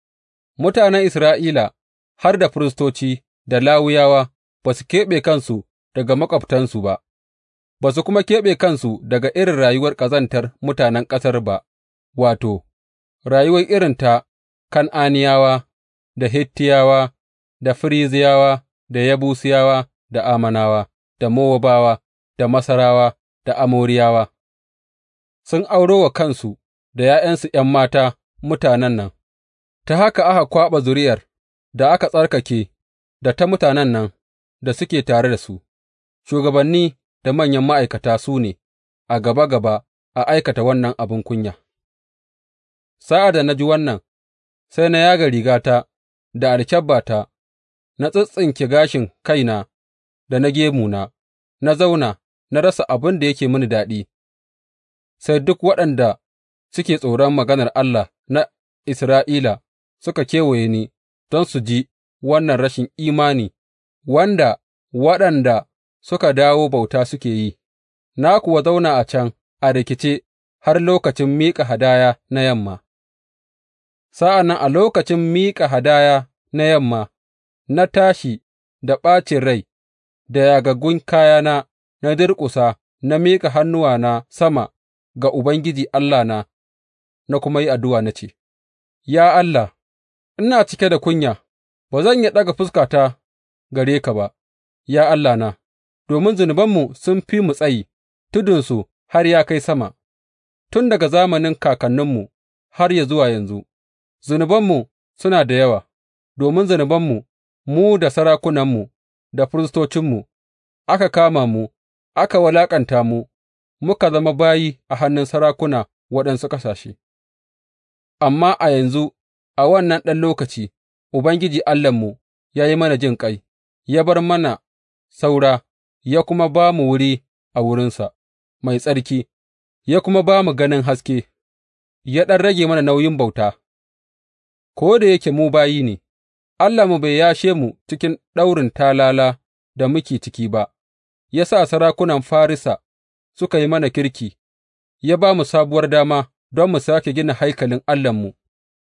Mutanen Isra'ila har da firistoci da lawuyawa. ba su keɓe kansu daga maƙwabtansu ba, ba su kuma keɓe kansu daga irin rayuwar ƙazantar mutanen ƙasar ba, wato, rayuwar irin ta Kan'aniyawa, da Hittiyawa, da Firiziyawa, da Yabusiyawa, da Amanawa, da Mowabawa, da Masarawa, da Amoriyawa, sun auro wa kansu da ’ya'yansu ’yan mata mutanen nan, ta haka aka kwaɓa zuriyar da aka tsarkake da ta mutanen nan. da suke tare da su, shugabanni da manyan ma'aikata su ne a gaba gaba a aikata wannan abin kunya. Sa'ad da na ji wannan, sai na yaga rigata da alkyabbata, na tsintsinke gashin kaina da na gemuna, na zauna, na rasa abin da yake mini daɗi, sai duk waɗanda suke tsoron maganar Allah na Isra'ila suka kewaye ni don su ji wannan rashin imani wanda waɗanda suka dawo bauta suke yi, na kuwa zauna a can a rikice har lokacin miƙa hadaya na yamma. Sa'an nan a lokacin miƙa hadaya na yamma, na tashi da ɓacin rai, da yagaggun kayana, na durƙusa, na miƙa hannuwana sama ga Ubangiji Allahna, na kuma yi addu'a na ce, Ya Allah, ina cike da kunya, ba zan iya ɗaga fuskata gare ka ba, ya Allahna, domin zunubanmu sun fi mu tsayi, tudunsu har ya kai sama, tun daga zamanin kakanninmu har ya zuwa yanzu, zunubanmu suna da yawa, domin zunubanmu mu da sarakunanmu da firistocinmu, aka kama mu, aka walaƙanta mu, muka zama bayi a hannun sarakuna waɗansu ƙasashe. Amma a yanzu, a wannan ɗan lokaci, Ubangiji Allahnmu ya yi mana jin ƙai. ya bar mana saura, ya kuma ba mu wuri a wurinsa mai tsarki, ya kuma ba mu ganin haske, ya ɗan rage mana nauyin bauta, ko da yake mu bayi ne, Allah mu bai yashe mu cikin ɗaurin talala da muke ciki ba, ya sa sarakunan Farisa suka yi mana kirki, ya ba mu sabuwar dama don mu sake gina haikalin Allahnmu,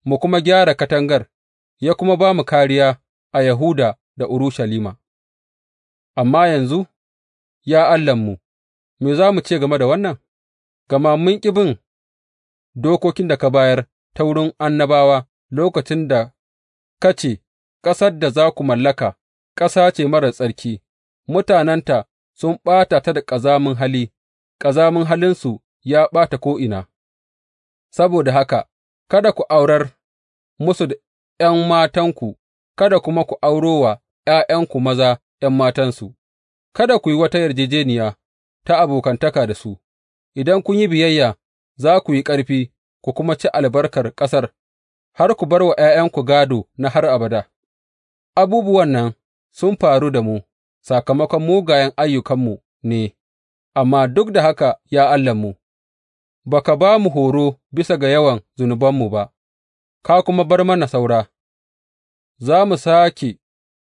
mu kuma gyara katangar, ya kuma ba mu kariya a Yahuda da Urushalima Amma yanzu, ya Allahnmu, me za mu ce game da wannan, gama mun ƙi bin dokokin da ka bayar ta wurin annabawa lokacin da ka ce, Ƙasar da za ku mallaka, ƙasa ce marar tsarki, mutanenta sun ɓata ta da ƙazamin hali, ƙazamin halinsu ya ɓata ko'ina, saboda haka, kada ku aurar musu da ’yan matanku, kada kuma ku auro wa ’ya'yanku maza ’yan matansu, kada ku yi wata yarjejeniya ta abokantaka da su, idan kun yi biyayya za ku yi ƙarfi ku kuma ci albarkar ƙasar har ku bar wa ’ya'yanku gado na har abada. Abubuwan nan sun faru da mu sakamakon mugayen ayyukanmu ne, amma duk da haka, ya Allahnmu, ba ka ba mu horo bisa ga yawan zunubanmu ba, ka kuma bar mana saura, za mu sake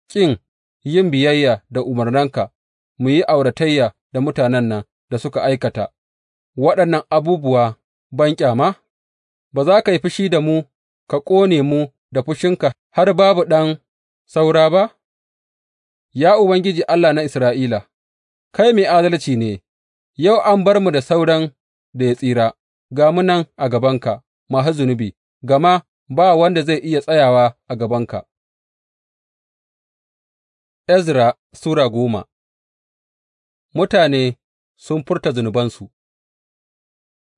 ƙin yin biyayya da umarnanka mu yi auratayya da mutanen nan da suka aikata waɗannan abubuwa banƙyama? Ba za ka yi fushi da mu ka ƙone mu da fushinka har babu ɗan saura ba? Ya Ubangiji Allah na Isra'ila, kai mai adalci ne, yau an bar mu da sauran da ya tsira, ga mu nan a gabanka masu zunubi, gama ba wanda zai iya tsayawa a gabanka. Ezra Sura goma Mutane sun furta zunubansu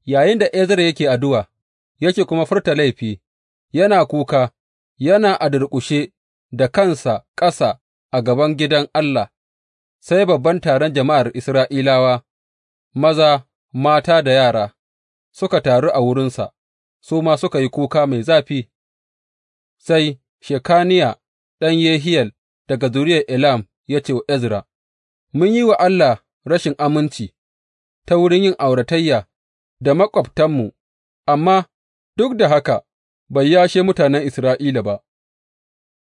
Yayinda Ezra yake addu'a, yake kuma furta laifi, yana kuka, yana a durƙushe da kansa ƙasa a gaban gidan Allah, sai babban taron jama'ar Isra'ilawa, maza, mata da yara, suka taru a wurinsa, su ma suka yi kuka mai zafi, sai Shekaniya ɗan Yehiyel daga zuriyar Elam ya ce wa Ezra, Mun yi wa Allah rashin aminci ta wurin yin auratayya da maƙwabtanmu, amma duk da haka bai yashe mutanen Isra'ila ba,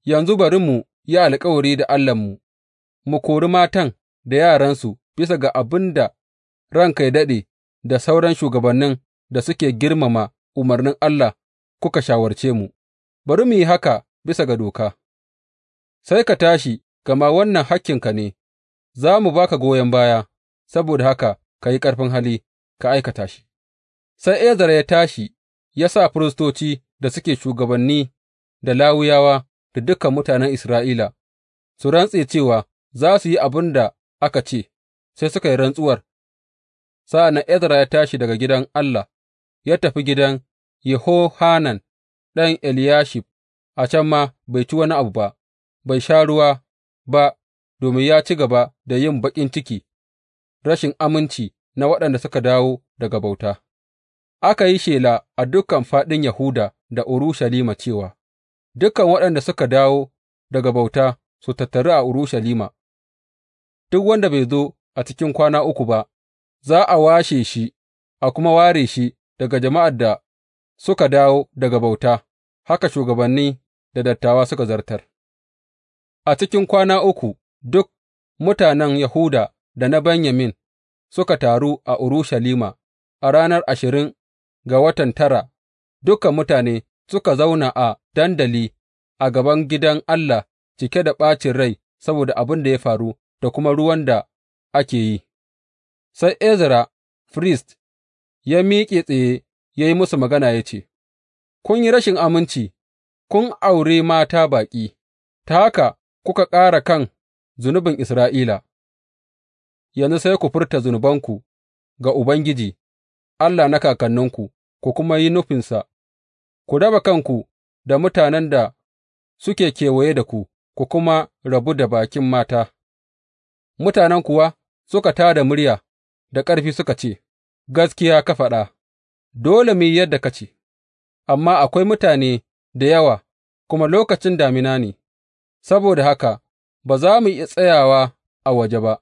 yanzu bari mu yi alkawari da Allahnmu, mu kori matan da yaransu bisa ga abin da ranka ya daɗe da sauran shugabannin da suke girmama umarnin Allah kuka shawarce mu, bari mu yi haka bisa ga doka. sai ka tashi, gama wannan hakkinka ne, za mu ba ka goyon baya, saboda haka ka yi ƙarfin hali ka aikata shi. Sai Ezra ya tashi, ya sa firistoci da suke shugabanni da lawuyawa da dukan mutanen Isra'ila su rantse cewa za su yi abin da aka ce, sai suka yi rantsuwar. Sa'an nan Ezra ya tashi daga gidan Allah, ya tafi gidan Yehohanan ɗan Eliyashib, a can ma bai ci wani abu ba. bai sha ruwa ba domin ya ci gaba da yin baƙin ciki rashin aminci na waɗanda suka dawo daga bauta, aka yi shela a dukan faɗin Yahuda da Urushalima cewa, Dukan waɗanda suka dawo daga bauta su tattaru a Urushalima, duk wanda bai zo a cikin kwana uku ba, za a washe shi a kuma ware shi daga jama'ar da suka dawo daga bauta, haka shugabanni da dattawa suka zartar. A cikin kwana uku duk mutanen Yahuda da na Benyamin suka taru a Urushalima a ranar ashirin ga watan tara, dukan mutane suka zauna a dandali a gaban gidan Allah cike da ɓacin rai saboda abin da ya faru da kuma ruwan da ake yi, sai Ezra, frist ya miƙe tsaye ya yi musu magana ya ce, Kun yi rashin aminci, kun aure mata baƙi, ta haka kuka ƙara kan zunubin Isra'ila, yanzu sai ku furta zunubanku ga Ubangiji, Allah na kakanninku, ku kuma yi nufinsa, ku raba kanku da mutanen da suke kewaye da ku, ku kuma rabu da bakin mata. Mutanen kuwa suka tā da murya da ƙarfi suka ce, Gaskiya ka faɗa, dole mu yi yadda ka ce, amma akwai mutane da yawa, kuma lokacin damina ne. saboda haka ba za mu iya tsayawa a waje ba,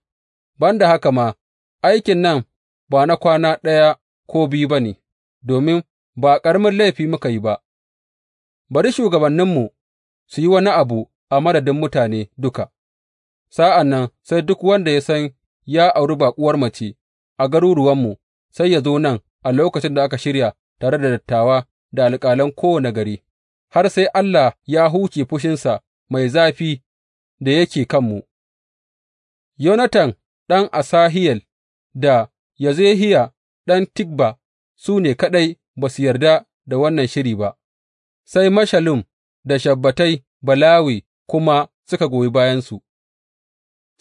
ban da haka ma, aikin nan ba na kwana ɗaya ko biyu ba ne, domin ba ƙaramin laifi muka yi ba, bari shugabanninmu su yi wani abu a madadin mutane duka, sa'an nan sai duk wanda ya san ya auri baƙuwar mace a garuruwanmu sai ya zo nan a lokacin da aka shirya tare da dattawa da alƙalan kowane gari, har sai Allah ya huce fushinsa mai zafi da yake kanmu, Yonatan ɗan Asahiyel da Yazehiya ɗan Tikba su ne kaɗai ba su yarda da wannan shiri ba, sai Mashalum da shabbatai Balawi kuma suka goyi bayansu,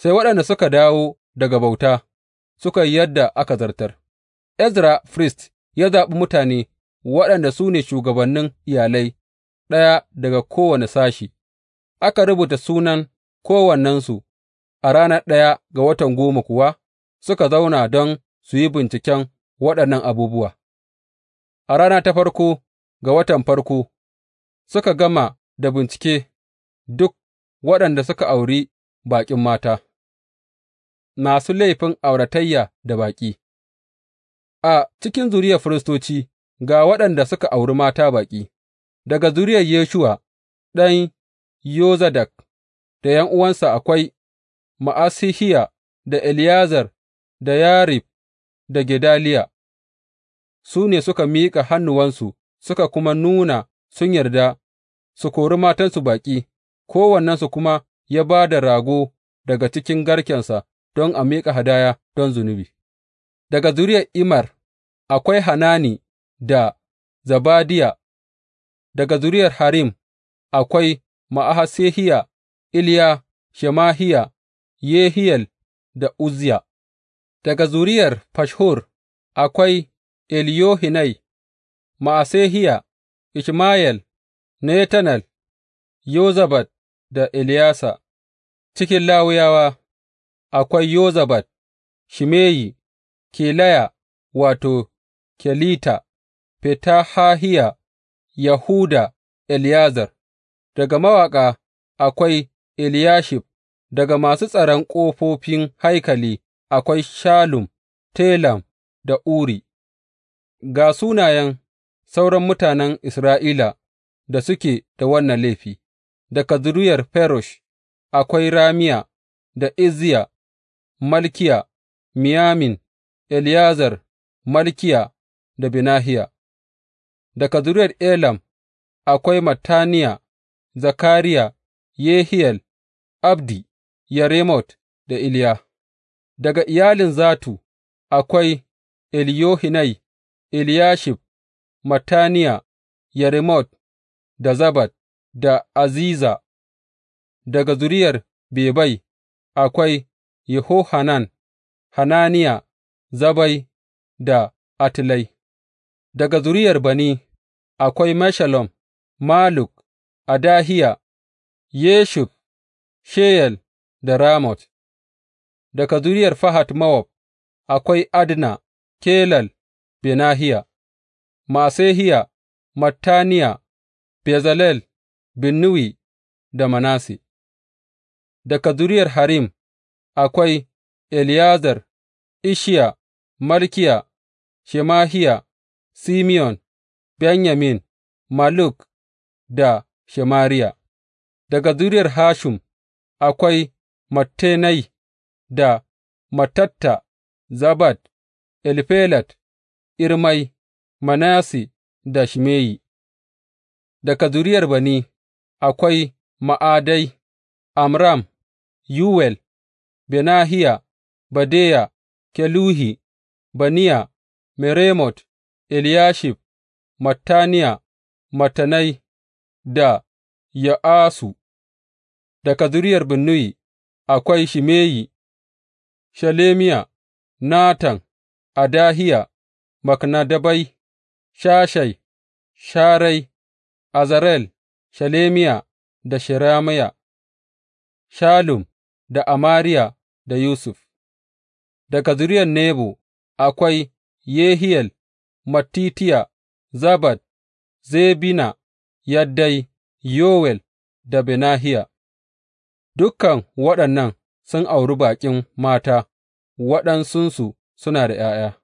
sai waɗanda suka dawo daga bauta suka yi yadda aka zartar. Ezra firist ya zaɓi mutane waɗanda su ne shugabannin iyalai, ɗaya daga kowane sashi. aka rubuta sunan kowannensu, a ranar ɗaya ga watan goma kuwa suka zauna don su yi binciken waɗannan abubuwa, a rana ta farko ga watan farko suka gama da bincike duk waɗanda suka auri baƙin mata, masu laifin auratayya da baƙi. A cikin zuriyar firistoci ga waɗanda suka auri mata baƙi, daga zuriyar Yeshuwa ɗan Yozadak, da ’yan'uwansa akwai Maasihiya da Eleyazar, da Yarib, da Gedaliya, su ne suka miƙa hannuwansu suka kuma nuna sun yarda su kori matansu baƙi, kowannensu kuma ya ba da rago daga cikin garkensa don a miƙa hadaya don zunubi. Daga zuriyar Imar akwai Hanani da Zebadiya, daga zuriyar Harim akwai Ma'asehiya, Iliya, Shemahiya, Yehiyel da Uzziya; daga zuriyar Fashhur akwai Eliyohinai, Ma'asehiya, Ishmayel, Netanel, Yozabad da eliyasa cikin Lawuyawa akwai Yozabad, Shimeyi, Kelaya wato, Kelita, Fetahahiya, Yahuda, Eliyazar. daga mawaƙa akwai Eliyashib, daga masu tsaron ƙofofin haikali akwai Shalum, Telam da Uri, ga sunayen sauran mutanen Isra'ila da suke da wannan laifi, daga zuriyar Ferosh akwai Ramiya da Izziya, Malkiya, Miyamin, Eleyazar, Malkiya da Benahiya, daga zuriyar Elam akwai Mattaniya. Zakariya, Yehiyel, Abdi, Yeremot da Iliya; daga iyalin zatu akwai Eliyohenai, Eliyashib, Mataniya, Yeremot da Zabad da Aziza; daga zuriyar Bebai akwai Yehohanan, Hananiya, Zabai da Atlai; daga zuriyar Bani akwai Meshalom, maluk Adahiya, Yeshub, Sheyal da Ramot; daga zuriyar Fahat Mowab akwai Adna, Kelal, Benahiya, Masehiya, Mattaniya, Bezalel, Binnuwi da Manasse; daga zuriyar Harim akwai Eliyazar, Ishiya, Malkiya, Shemahiya, simeon Benyamin, Maluk da. Shemariya; daga zuriyar Hashum, akwai Mattenai da Matatta, Zabad, elfelat Irmai, Manasse da Shimeyi; daga zuriyar Bani, akwai Ma'adai, Amram, Yuwel, Benahiya, Ba'deya, Keluhi, Baniya, Meremot, Eliyashib, Mattaniya, Matanai. da Ya'asu, daga zuriyar Binnuyi akwai Shimeyi, Shelemiya, Natan, Adahiya, Makna'dabai, Shashai, Sharai, Azarel, Shelemiya da Sheramiya, Shalum da Amariya da Yusuf, daga zuriyar Nebo akwai Yehiyel, Mattitiya, Zabad, Zebina. Yaddai, Yowel da Benahiya, dukan waɗannan sun auri baƙin mata, waɗansunsu suna da ’ya'ya.